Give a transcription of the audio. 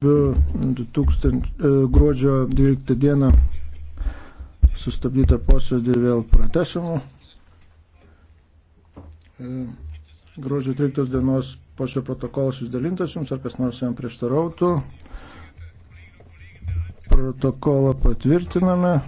2000, e, gruodžio 12 dieną sustabdytą posėdį vėl pratesimų. E, gruodžio 13 dienos posėdžio protokolas išdalintas jums, ar kas nors jam prieštarautų. Protokolą patvirtiname.